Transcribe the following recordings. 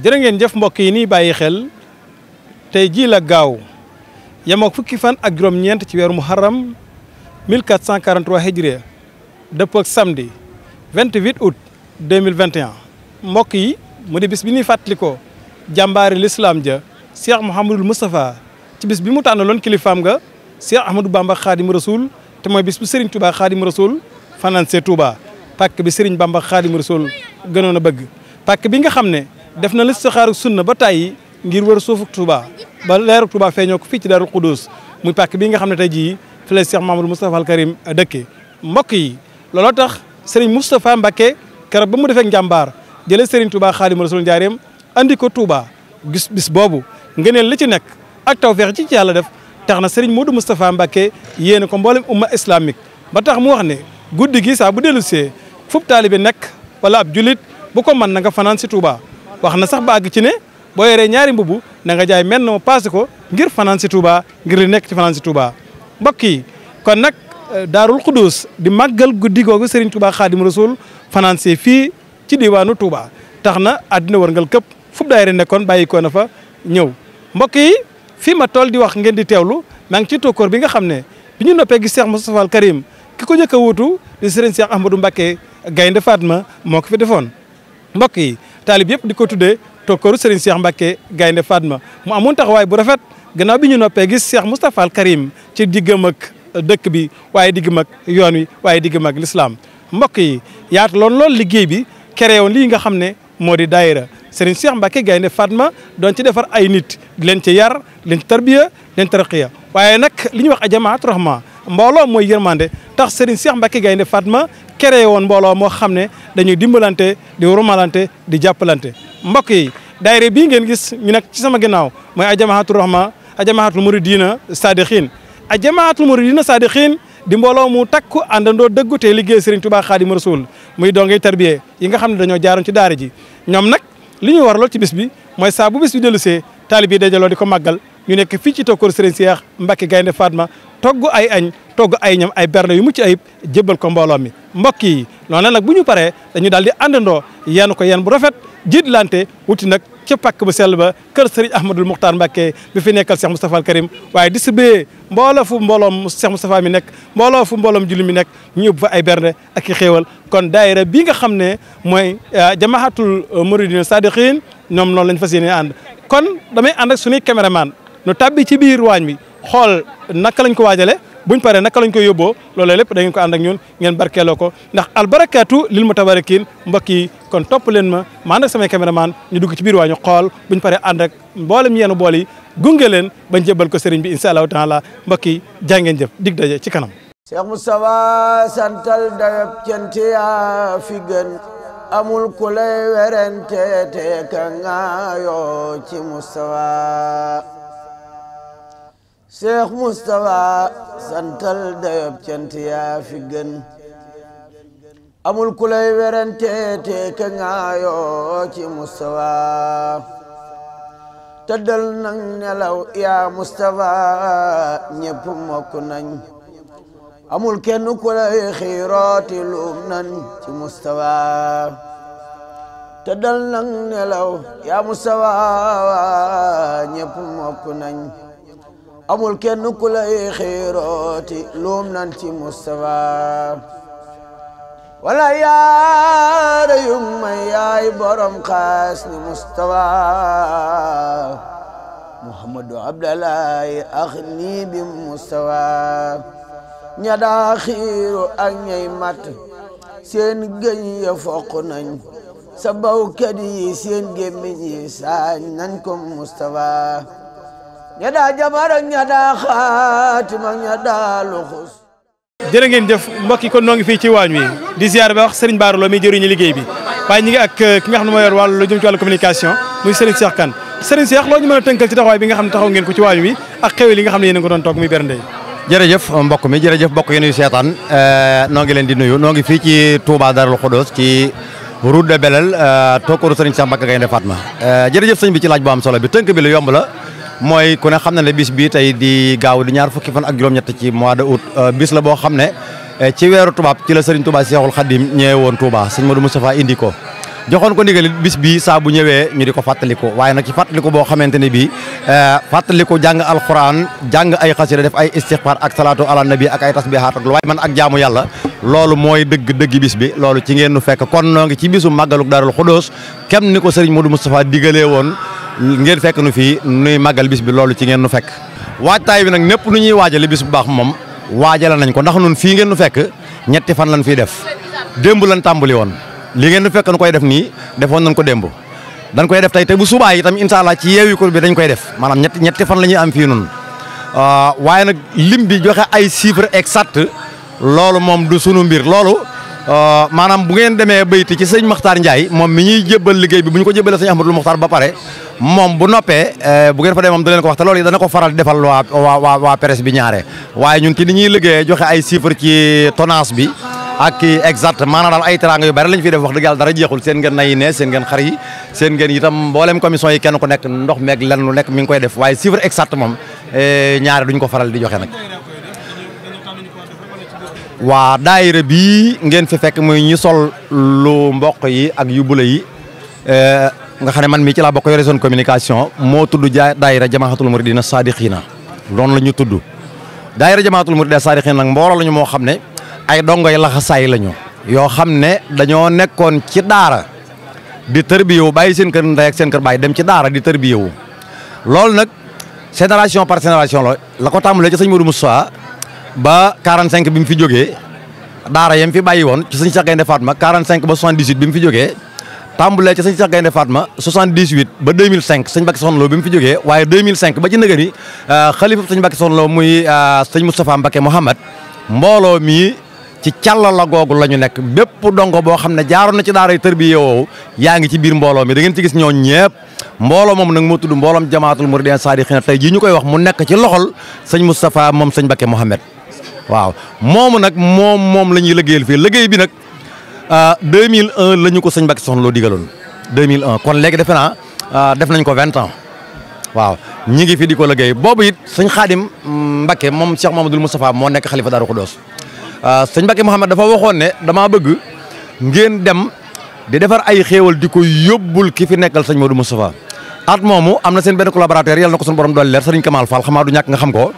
jërë ngeen jëf mbokk yi nii bàyyi xel tey jii la gaaw yem ak fukki fan ak juróom-ñeent ci weeru muharram 1443 hijri dëppoo ak samedi 28 août 2021 mbokk yi mu di bis bi ñuy fàttalikoo jàmbaari lislaam ja Cheikh Mouhamadul Moustapha ci bis bi mu tànnaloon kilifaam nga Cheikh Ahmadou Bamba Xaadim Rasoul te mooy bis bu Serigne Touba Xaadim Rasoul fanaan see Touba pàkk bi Serigne Bamba Xaadim Rasoul gënoon a bëgg pàkk bi nga xam ne. def na listixaaru sunna ba tàyyi ngir wër suufuk Touba ba leer Touba feeñoo ko fii ci Daarul Xudoos muy pàkk bii nga xam ne tey jii fi la Cheikh Mamadou Moustapha Al Karim dëkke mbokk yi looloo tax Serigne Moustapha Mbacké kere ba mu defee njàmbaar jëlee Serigne Touba Xaadimu Rasuul njaareem andi ko Touba gis boobu ngëneel li ci nekk ak tawfeex ci ci yàlla def tax na Serigne Modou Moustapha Mbacké yéene ko mboolem umma islamique ba tax mu wax ne guddi gi saa bu dellu see fub taalibe nekk wala ab julit bu ko mën na nga fanaan si Touba wax na sax baag ci ne boo yoree ñaari mbubu na nga jaay mel na mu ko ngir fanaan si Touba ngir nekk ci fanaan si Touba mbokk yi kon nag euh, daarul xudus di màggal guddi googu Serigne Touba Xaadim Rasul fanaan see fii ci diwaanu Touba tax na àddina wërngal këpp fu daayira nekkoon bàyyi ko na fa ñëw mbokk yi fii ma tool di wax ngeen di teewlu maa ci ci kor bi nga xam ne bi ñu noppee gis Cheikh Moustapha Al Karim ki ko njëkk a wuutu di Serigne Cheikh Ahmadou Mbacké Gaynde Fatma moo ko fi defoon mbokk yi taalib yëpp di ko tuddee tokkoru Serigne Cheikh Mbacke Gaynde Fatma mu amoon taxawaay bu rafet gannaaw bi ñu noppee gis Cheikh Moustapha al Karim ci diggam ak euh, dëkk bi waaye digg ak yoon wi waaye digg ak lislaam mbokk yi yaatu lool loolu liggéey bi créé woon lii nga xam ne moo di daayira Serigne Cheikh Mbacke Gaynde Fatma doon ci defar ay nit leen ci yar di leen ci leen tarqiya waaye nag li ñu wax a jamaat rahma mbooloo mooy yërmande tax Serigne Cheikh Mbacké Gaynde Fatma créé woon mbooloo moo xam ne dañuy dimbalante di rumalante di jàppalante mbokk yi daayira bii ngeen gis ñu nekk ci sama ginnaaw mooy ajamaatul rahma ajamaatul muridina sadiqin ajamaatul muridina sadiqin di mbooloo mu takku àndandoo dëggu te liggéey Serigne Touba Khadim Rasoul muy dongay tarbiye yi nga xam ne dañoo jaaroon ci daar ji ñoom nag li ñu waraloon ci bis bi mooy saa bu bis bi dellusee taalib yi dajaloo di ko màggal ñu nekk fii ci tokkoor Serigne Cheikh Mbacke Gaynde Fatma togg ay añ togg ay ñam ay berne yu mucc ayib jébbal ko mbooloo mi mbokk yi noonu nag bu ñu paree dañu daal di àndandoo yenn ko yenn bu rafet jiitlante wuti nag ca pàkk bu sell ba kër Serigne Ahmadul Muxtaar Mbacke bi fi nekkal Cheikh Moustapha al Karim waaye distribué mbooloo fu mbooloom Cheikh Moustapha mi nekk mbooloo fu mbooloom julli mi nekk ñu yóbbu fa ay berne ak i xéewal kon daayira bii nga xam ne mooy euh, jamaahatul muridin sadiqin ñoom noonu lañ fas yéene ànd kon damay ànd ak nu tabbi ci biir waañ bi xool naka lañ ko waajalee buñ paree naka lañ ko yóbboo loolu lépp da ngeen ko ànd ñun ngeen barkeeloo ko ndax albarakaatu lil mutabarikin mbokk yi kon topp leen ma ma ànd ak samay caméraman ñu dugg ci biir waañu xool buñ paree ànd ak mboolem yeenu bool yi gunge leen bañ jébbal ko sëriñ bi incha allahu taala mbokk yi jaa ngeen jëf dig daje ci kanam. Cheikh Moustapha santal dayab cant yaa fi amul ku lay werante ka nga ci Moustapha. Cheikh Moustapha santal dayob cant yaa fi gën amul ku lay werante te ka ngaayoo ci Moustapha tëddal nang nelaw yaa Moustapha ñépp mokk nañ amul kenn ku lay xiirooti luum nan ci Moustapha te dal nang nelaw yaa mustawa ñépp mokk nañ amul kenn ku lay xiirooti luum nan ci mustawa wala yaara yum may yaay borom xaas ni mustawa muhammadu abdallahi ax nii bi mustawa ña daa xiiru ak ñay mat seen gëñ ya foq nañ sa bawkat yi seen gémmiñ yi saañ nañ ko Mustafa ña daa jabar ak ña daa xaatim ña daa luxus jërë ngeen jëf mbokk yi ko noo ngi fii ci waañ wi di ziar ba wax Serigne Bara Lo mi jëriñu liggéey bi waaye ñi ngi ak euh, ki nga xam ne moo yor wàllu lu jëm ci wàllu communication muy Serigne Cheikh Kane Serigne Cheikh loo a bi nga xam ne taxaw ngeen ko ci waañ wi ak xew li nga xam ne yéen a ko doon toog muy bernde yi jërëjëf mbokk mi jërëjëf mbokk yi nuyu seetaan euh, noo ngi leen di nuyu noo ngi fii ci Touba Darou Khoudoss ci route de Belel euh, tokkaru sëriñ Cheikh Mbacké Gaïndé Fatma euh, jërëjëf sëñ bi ci laaj bu am solo bi tënk bi lu yomb la mooy ku ne xam na ne bis bii tey di gaaw di ñaar fukki fan ak juróom-ñett ci mois de août euh, bis la boo xam ne ci weeru tubaab ci la sëriñ Touba Cheikhul Khadim ñëwee woon Touba sëñ Modou Moustapha indi ko joxoon ko ndigal bis bi saa ñëwee ñu di ko fàttaliku waaye nag ci fàttaliku boo xamante ne bii fàttaliku jàng alquran jàng ay xasida def ay ay tasbihaat man ak yàlla loolu mooy dëgg dëgg bis bi loolu ci ngeen nu fekk kon noo ngi ci bisu màggaluk Daarul Xudoos kem ni ko sëriñ Modou Moustapha digalee woon ngeen fekk nu fii nuy màggal bis bi loolu ci ngeen nu fekk. waajtaay bi nag népp nu ñuy waajale bis bu baax moom waajale nañ ko ndax nun fii ngeen nu fekk ñetti fan lañu fiy def démb lañ tàmbali woon li ngeen nu fekk nu koy def nii defoon nañ ko démb. dañ koy def tey te bu subaa tam incha allah ci yeewi kur bi dañ koy def maanaam ñetti ñetti fan la ñuy am noonu ah, waaye nag bi joxe ay chiffres exacts loolu moom du sunu mbir loolu euh, maanaam bu ngeen demee bayti ci sëñ Makhtar Ndiaye moom mi ñuy jébbal liggéey bi bu ñu ko jébbalee sëñ Ahmadul Makhtar ba pare moom bu noppee euh, bu ngeen fa demee moom da leen ko wax te loolu yi dana ko faral di defal waa waa waa presse bi ñaare waaye ñun ci ni ñuy liggéeyee joxe ay chiffres ci tonnage bi ak exact maanaam daal ay teraanga yu bari lañ fiy def wax dëgg yàlla dara jeexul seen ngeen nay ne seen ngeen xar yi seen ngeen itam kenn ku nekk ndox meeg lenn lu nekk mi ngi koy def waaye chiffre exact moom euh, ñaare duñ ko faral di joxe nag waa daayira bii ngeen fi fekk muy ñu sol lu mboq yi ak yu bula yi eh, nga xam ne man mii ci laa bokk yore soon communication moo tudd ja daayira jamaahatul muridina saadiqiina loolu la ñu tudd daayira jamaahatul muridina saadiqiina nag mbooloo la ñu moo xam ne ay dongoy laxasaay la ñu yoo xam ne dañoo nekkoon ci daara di tërbiyewu bàyyi seen kër ndey ak dem ci daara di tërbiyewu loolu nag génération par génération la la ko tàmbalee ci sëñ Modou Moussa ba 45 bi mu fi jógee daara yam fi bàyyi woon ci sëñ Cheikh Gaynde Fatma 45 ba 78 bi mu fi jógee tàmbulee ci sëñ Cheikh Gaynde Fatma 78 ba 2005 sëñ Mbacke Soxna Lo bi mu fi jógee waaye 2005 ba ci nëgëri euh, xalifa sëñ Mbacke Soxna Lo muy euh, sëñ Moustapha Mbacke Mouhamad mbooloo mii ci càlla la googu la ñu nekk bépp dongo boo xam ne jaaroon na ci daaray tërbiye woowu yaa ngi ci biir mbooloo mi da ngeen ci gis ñoo ñëpp mbooloo moom nag moo tudd mbooloom jamaatul muridin saadiqina tey jii ñu koy wax mu nekk ci loxol sëñ Moustapha moom sëñ Mbacke Mouhamad waaw moomu nag moom moom la ñuy liggéeyal fii liggéey bi nag ah, mille la ñu ko sëñ loo Soxna Lo mille en kon léegi defe naa ah, def nañ ko 20 ans waaw ñi ngi fi di ko liggéey boobu it sëñ Xaadim Mbacke moom Cheikh Mamadou Moustapha moo nekk xalifa Daaru Xudoos ah, sëñ Mbacke Mouhamed dafa waxoon ne damaa bëgg ngeen dem di defar ay xéewal di ko yóbbul ki fi nekkal sëñ Mamadou Moustapha at moomu am na seen benn collaborateur yàlla na ko suñu borom doole leer sëriñ Kamal Fall xamaa nga xam ko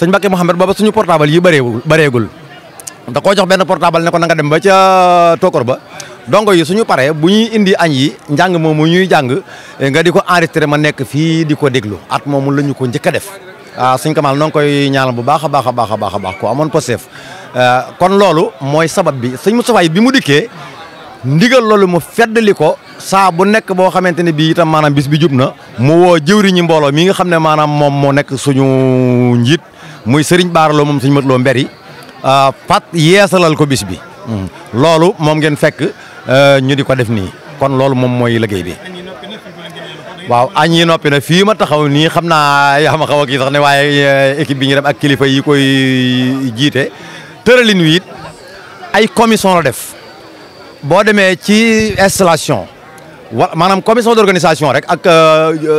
sëñ Mbacke Mouhamed booba suñu portable yi bëreewul bëreegul da koo jox benn portable ne ko na dem ba ca tookor ba dongo yi suñu paree bu ñuy indi añ yi njàng moom mu ñuy jàng eh, nga di ko enregistré ma nekk fii di déglu at moomu la ñu ko njëkk a def waaw ah, suñ kamal noo ngi koy ñaanal bu baax a baax a baax a baax a baax ko amoon posef eh, kon loolu mooy sabab bi sëñ Moustapha bi mu dikkee ndigal loolu mu feddali ko saa bu nekk boo xamante ne bii itam maanaam bis bi jub na mu woo jëwriñi mbooloo mi nga xam ne maanaam moom moo nekk suñu njiit muy Serigne Bara Lo moom Serigne Modou Lo Mbéri euh, fat yeesalal ko bis bi hmm. loolu moom ngeen fekk euh, ñu di ko def nii kon loolu moom mooy liggéey bi waaw añ yi noppi na fii ma taxaw nii xam naa yaa ma xaw a kii sax ne waaye euh, équipe bi ñu dem ak kilifa yi koy jiite tëralin wi ay commission la def boo demee ci installation wa maanaam commission d'organisation rek ak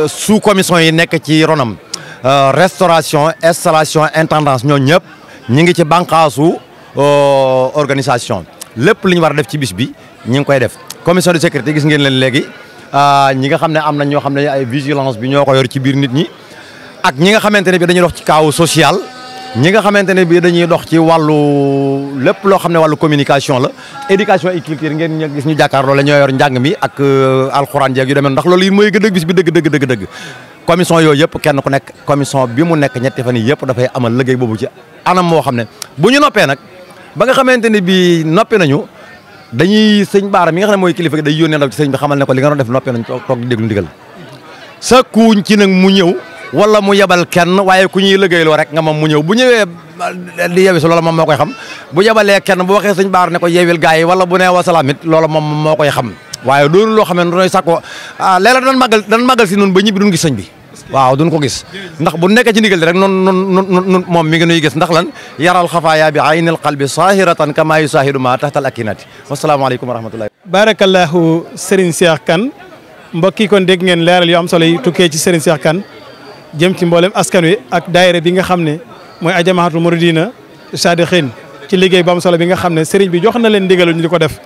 sous commission yi nekk ci ronam Euh, restauration installation intendance ñoo ñëpp ñi ngi ci bànqaasu euh, organisation lépp li ñu war a def ci bis bi ñi ngi koy def commission de sécurité gis ngeen leen léegi euh, ñi nga xam ne am na ñoo xam ne ay vigilance bi ñoo ko yor ci biir nit ñi ak ñi nga xamante ne bi dañuy dox ci kaaw social ñi nga xamante ne bi dañuy dox ci wàllu lép loo xam ne wàllu communication la éducation et culture ngeen gis ñu jàkkaarloo la ñoo yor njàng mi ak alxuraan jeeg yu demee ndax loolu yi mooy dëgg bis bi dëgg dëgg dëgg dëgg commission yooyu yëpp kenn ku nekk commission bi mu nekk ñetti fan yii yëpp dafay amal liggéey boobu ci anam moo xam ne bu ñu noppee nag ba nga xamante ni bii noppi nañu dañuy sëñ baar mi nga xam mooy kilifa day yónnee ndaw ci sëñ bi xamal ne ko li nga doon def noppi nañ toog toog di déglu ndigal sa kuuñ ci nag mu ñëw wala mu yebal kenn waaye ku ñuy liggéeyloo rek nga moom mu ñëw bu ñëwee di yewi si loola moom moo koy xam bu yebalee kenn bu waxee sëñ baar ne ko yeewil gars yi wala bu nee wasalaam it loola moom moo koy xam waaye doonu loo xam ne nooy sàkko ah léeg-léeg dan màggal dan si noonu ba ñibbi duñ gis sëñ bi waaw duñ ko gis ndax bu nekkee ci ndigal di rek noonu noonu noonu moom mi ngi nuy gis ndax lan yaral xafaaya bi aynil qalbi saahiratan kama yusaahidu ma taxtal akinati wasalaamaaleykum wa rahmatullahi barakallahu Serigne Cheikh kan mbokk yi kon dégg ngeen leeral yo am solo yi tukkee ci Serigne Cheikh kan jëm ci mboolem askan wi ak daayira bi nga xam ne mooy ajamaatul muridina saadiqin ci liggéey bu am solo bi nga xam ne bi jox na leen ndigalu di ko def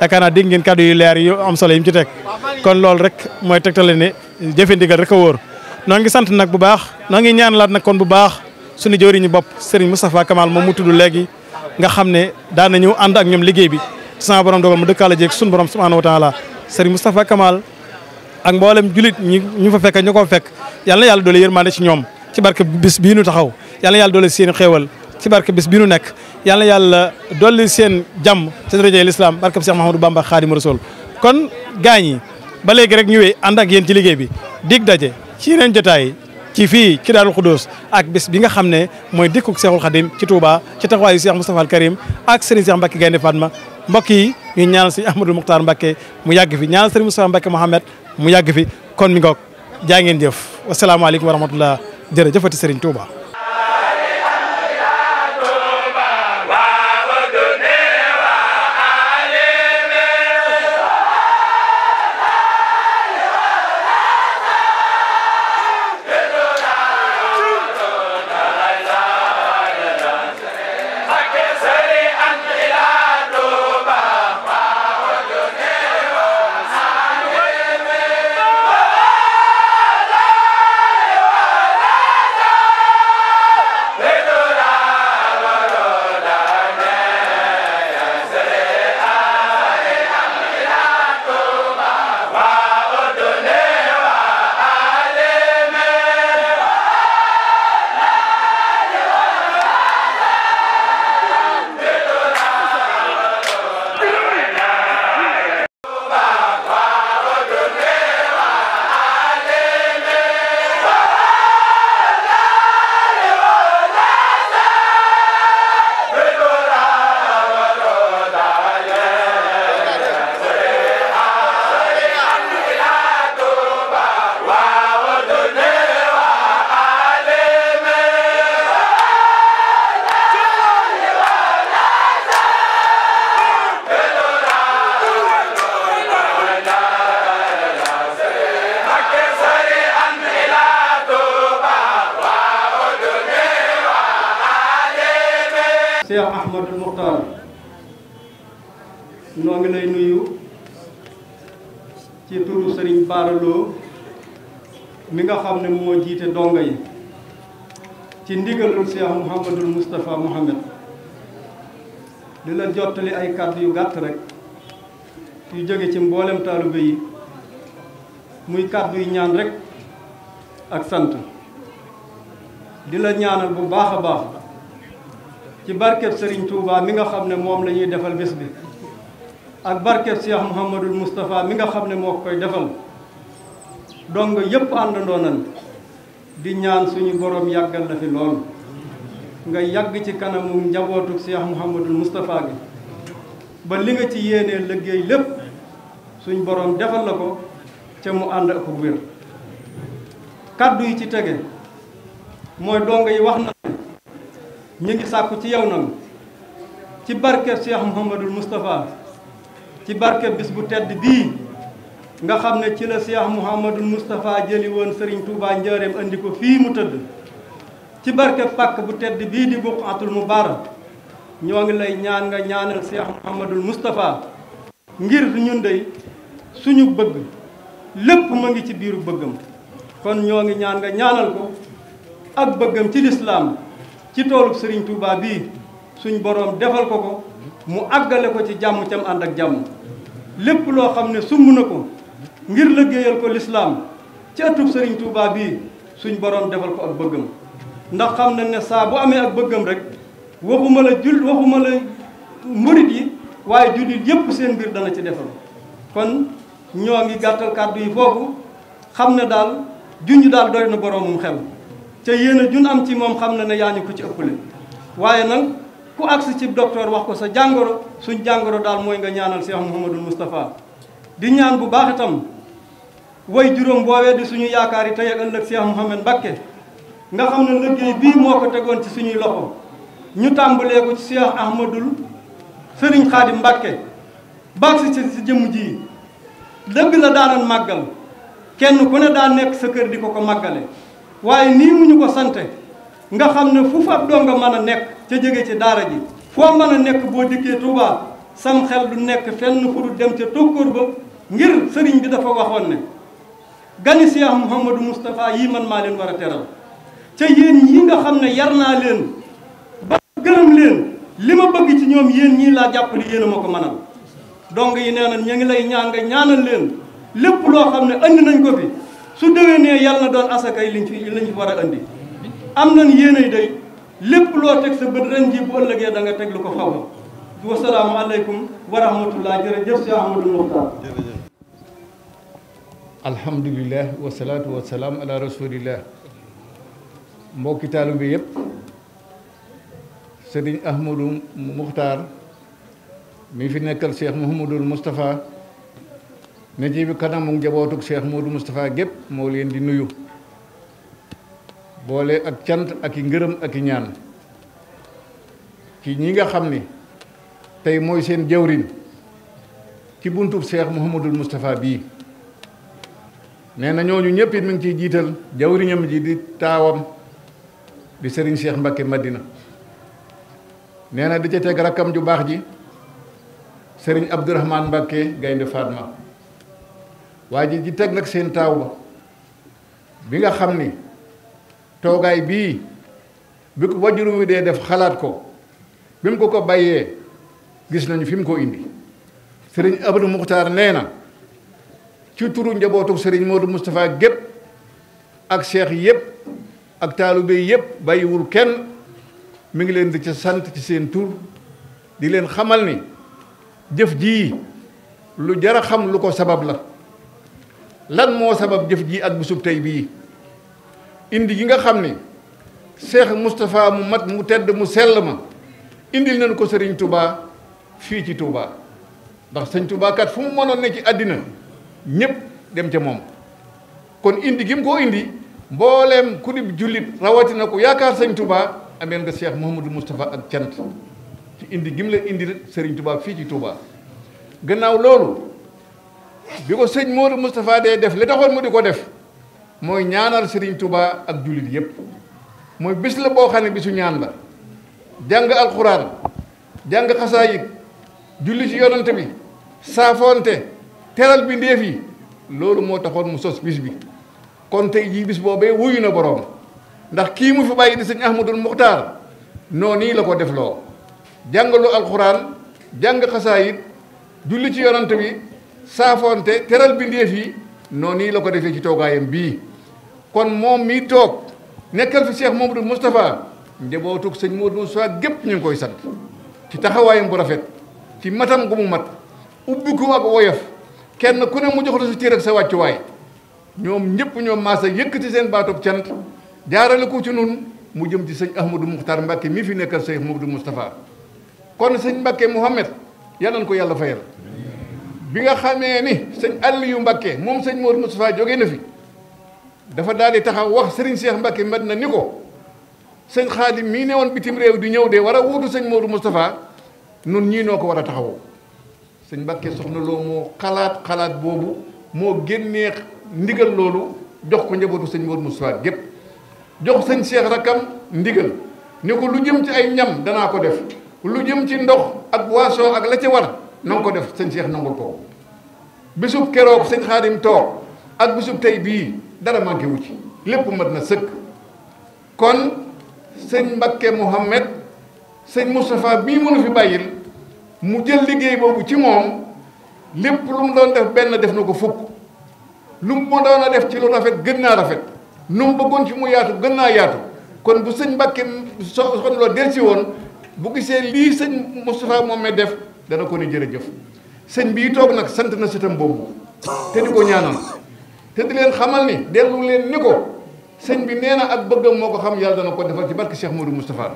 yaakaar naa dégg ngeen kaddu yu leer yu am solo yi mu ci teg kon loolu rek mooy tegtale ne jëfe ndigal rek a woor noo ngi sant nag bu baax noo ngi ñaan laat nag kon bu baax suñu jëwriñu bopp Serigne Moustapha Kamal moom mu tudd léegi nga xam ne daana ñëw ànd ak ñoom liggéey bi sama borom dogal mu dëkkaale jéeg suñu borom subhanahu wa taala Serigne Moustapha Kamal ak mboolem julit ñi ñu fa fekk ñu ko fekk yàlla na yàlla doole yërmande ci ñoom ci barke bis bii nu taxaw yàlla yàlla doole seen xéewal ci barke bis bi nu nekk yal na yàlla dolli seen jàmm seen rajo lislaam barke bi Cheikh Mahamadou Bamba Xaadimu Rasuul kon gaañ yi ba léegi rek ñu wéy ànd ak yéen ci liggéey bi dig daje ci yeneen jotaay ci fii ci Daarul Xudoos ak bis bi nga xam ne mooy dikkuk Seexul Xadim ci Touba ci taxawaayu Cheikh Moustapha al Karim ak Serigne Cheikh Mbacke Gaynde Fatma mbokk yi ñu ñaanal Serigne Ahmadou Moukhtar Mbacke mu yàgg fi ñaanal Serigne Moustapha Mbacke Mohamed mu yàgg fi kon mi ngoog ngeen jëf wasalaamaaleykum wa rahmatullah jërëjëfati Serigne Touba noo ngi lay nuyu ci turu Serigne Bara mi nga xam ne moo jiite donga yi ci ndigalul Cheikh Mouhamadul Moustapha Mohamed di la jottali ay kàddu yu gàtt rek yu jóge ci mboolem taalibe yi muy kàddu yu ñaan rek ak sant di la ñaanal bu baax a baax ci barkeb Serigne Touba mi nga xam ne moom lañuy defal bés bi ak barkeb Cheikh Mouhamadul Moustapha mi nga xam ne moo koy defal dongo yëpp àndandoo nañ di ñaan suñu borom yàggal la fi lool nga yàgg ci kanamu njabootu Cheikh Mouhamadul Moustapha gi ba li nga ci yéenee liggéey lépp suñu boroom defal la ko ca mu ànd ak wér kaddu yi ci tege mooy dongo yi wax na ñu ngi sàkku ci yow nag ci barkeb Cheikh Mouhamadul Moustapha ci barke bis bu tedd bii nga xam ne ci la Cheikh Mouhamadul Moustapha jëli woon Serigne Touba Njaareem andi ko fii mu tëdd ci barke pàkk bu tedd bii di buqatul mubarak ñoo ngi lay ñaan nga ñaanal Cheikh Mouhamadul Moustapha ngir ñu dey suñu bëgg lépp ma ngi ci biiru bëggam kon ñoo ngi ñaan nga ñaanal ko ak bëggam ci lislaam ci toolu Serigne Touba bii suñu boroom defal ko ko mu àggale ko ci jàmm cam ànd ak jàmm lépp loo xam ne sumb na ko ngir liggéeyal ko lislaam ci ëttub sëriñ Touba bii suñ borom defal ko ak bëggam ndax xam nañ ne saa bu amee ak bëggam rek waxuma la jul waxuma la murit yi waaye jullit yépp seen mbir dana ci defal kon ñoo ngi gàttal kàddu yi foofu xam ne daal junj daal doy na boroomum xel ca yéen jun am ci moom xam na ne yaa ñu ko ci ëppale waaye nag ku agsi ci docteur wax ko sa jàngoro suñ jàngoro daal mooy nga ñaanal Cheikh Mouhamadul Moustapha di ñaan bu baax itam way juróom boobee di suñu yaakaar yi tey ak ëllëg Cheikh Mouhamad Mbacké nga xam ne liggéey bii moo ko tegoon ci suñuy loxo ñu tàmbalee ko ci Cheikh Ahmadul Serigne Khadim Mbacké baax si si jëmm ji dëgg la daanan màggal kenn ku ne daan nekk sa kër di ko ko màggale waaye nii mu ñu ko sante nga xam ne fu fab donga mën a nekk ca jóge ci daara ji foo mën a nekk boo dikkee Touba sam xel du nekk fenn fu du dem ca tokkóor ba ngir sëriñ bi dafa waxoon ne gani Cheikh Mouhamadou Moustapha yii man maa leen war a teral ca yéen yi nga xam ne yar naa leen ba gërëm leen li ma bëgg ci ñoom yéen ñii laa jàpp ni yéen a ma ko mënal dong yi nee na ñu ngi lay ñaan nga ñaanal leen lépp loo xam ne andi nañ ko fi su déwénee yàlla na doon asakay liñ fi liñ fi war a andi am nañ yéene day lépp loo teg sa bët ren ji bu ëllëgee da teg lu ko xaw ma wasalaamu aleykum wa rahmatullah jërëjëf si Ahmadou Mokhtar bi yëpp mi fi nekkal cheikh Mouhamadul Moustapha ne ji bi kanamu njabootug cheikh Mouhamadou Moustapha gépp moo leen di nuyu boole ak cant ak i ngërëm ak i ñaan kii ñi nga xam ni tey mooy seen jawrin ci buntub seex Muhammadul Moustapha bii nee na ñooñu ñëpp it mi ngi ciy jiital jawriñam ji di taawam di sëriñ Cheikh Mbacké Madina nee na di ca teg rakkam ju baax ji sëriñ Abdourahmane Mbacké Gaynde Fatma waa ji ji teg nag seen taaw bi nga xam ni toogaay bii bi ko wajuru wi dee def xalaat ko bi mu ko ko bàyyee gis nañu fi mu ko indi sëriñ Abdou Muxtaar nee na ci turu njabootu sëriñ Modou Moustapha gépp ak seex yëpp ak taalibe yépp bàyyiwul kenn mu ngi leen di ca sant ci seen tur di leen xamal ni jëf jii lu jara xam lu ko sabab la lan moo sabab jëf jii ak bisub tey bii indi gi nga xam ni Cheikh Moustapha mu mat mu tedd mu sell ma indil lan ko sëriñ Touba fii ci Touba ndax sëñ Touba kat fu mu mënoon ne ci àddina ñëpp dem ca moom kon indi gi mu ko indi mbooleem ku bi jullit rawatina ko yaakaar sëñ Touba ameel nga Cheikh Mouhamadou Moustapha ak cant ci indi gi mu la indi Serigne Touba fii ci Touba gannaaw loolu bi ko sëñ Modou Moustapha dee def li taxoon mu di ko def mooy ñaanal Serigne Touba ak jullit yépp mooy bis la boo xam ne bisu ñaan la jàng alxuraan jàng xasaayit julli ci yonante bi saafoonte teral bi ndéef yi loolu moo taxoon mu sos bis bi kon tey jii bis boobee wuyu na boroom ndax kii mu fi bàyyi di sëñ Ahmadul Muxtaar noonu nii la ko def loo jàngalu alxuraan jàng xasaayit julli ci yonante bi saafoonte teral bi ndéef yi noonu nii la ko defee ci toogaayam bii kon moom mii toog nekkal fi Cheikh Mamadou Moustapha njabootug sëñ Mamadou Moustapha gépp ñu ngi koy sant ci taxawaayam bu rafet ci matam gu mu mat ubbi ko ak woyof kenn ku ne mu jox la sa ak sa wàccuwaay ñoom ñëpp ñoom maasa yëkkati seen baatub cant jaarale ko ci nun mu jëm ci sëñ Ahmadou Moukhtar Mbacke mii fi nekkal Cheikh Mamadou Moustapha kon sëñ Mbacke Mouhamed yàlla ko yàlla fayal. bi nga xamee ni sëñ Aliou Mbakke moom sëñ Mor Moustapha jóge na fi dafa daal di taxaw wax sëriñ Cheikh Mbakke mat na ni ko sëñ Xaadim mii ne woon bitim réew di ñëw de war a wuutu sëñ Mor Moustapha nun ñii noo ko war a taxawoo sëñ Mbakke soxna loo moo xalaat xalaat boobu moo génnee ndigal loolu jox ko njabootu sëñ Mor Moustapha gépp jox sëñ Cheikh rakam ndigal ni ko lu jëm ci ay ñam danaa ko def lu jëm ci ndox ak boisson ak la ci war na ko def sëñ Cheikh nangul ko bisub keroog sëñ Xaadim toog ak bisub tey bii dara manqué ci lépp mat na sëkk kon sëñ Mbakke Mouhamed sëñ Moustapha bii mënu fi bàyyil mu jël liggéey boobu ci moom lépp lu mu doon def benn def na ko fukk lu mu doon a def ci lu rafet gën naa rafet nu mu bëggoon ci mu yaatu gën naa yaatu kon bu sëñ Mbakke so soxna loo delsi woon bu gisee lii sëñ Moustapha moom def dana ko ni jërëjëf sëñ bii toog nag sant na setam boobu te di ko ñaanal te di leen xamal ni dellu leen ni ko sëñ bi nee na ak bëggam moo ko xam yàlla dana ko defal ci barke Cheikh Modou Moustapha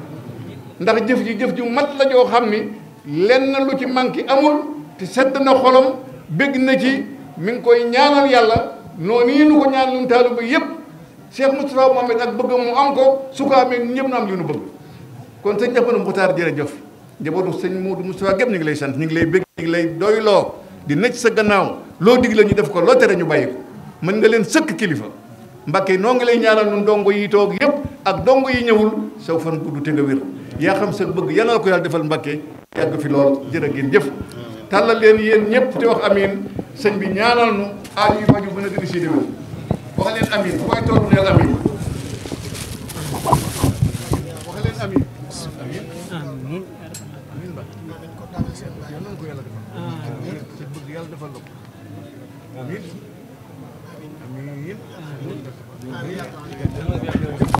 ndax jëf ji jëf ju mat la joo xam ni lenn lu ci manqué amul te sedd na xolam bëgg na ci mi ngi koy ñaanal yàlla noonu yi nu ko ñaan lun taalu ba yëpp Cheikh Moustapha Mohamed ak bëggam mu am ko su ko amee ñëpp na am li nu bëgg kon sëñ Ahmadou Moukhtar jërëjëf njabootu sëñ Modou Moustapha gépp ñu ngi lay sant ñu ngi lay bëgg ñu ngi lay doyloo di nekk sa gannaaw loo digle ñu def ko loo tere ñu bàyyi ko mën nga leen sëkk kilifa Mbàkke noo ngi lay ñaanal nun dongo yi toog yëpp ak dongo yi ñëwul saw fan gudd te nga wér yaa xam sa bëgg yal ko yàlla defal Mbàkke yàgg fi lool jërë ngeen jëf tàllal leen yéen ñëpp te wax amin sëñ bi ñaanal nu yi faju mën a dina si déwén wax yal na ko yàlla defal. te bëgg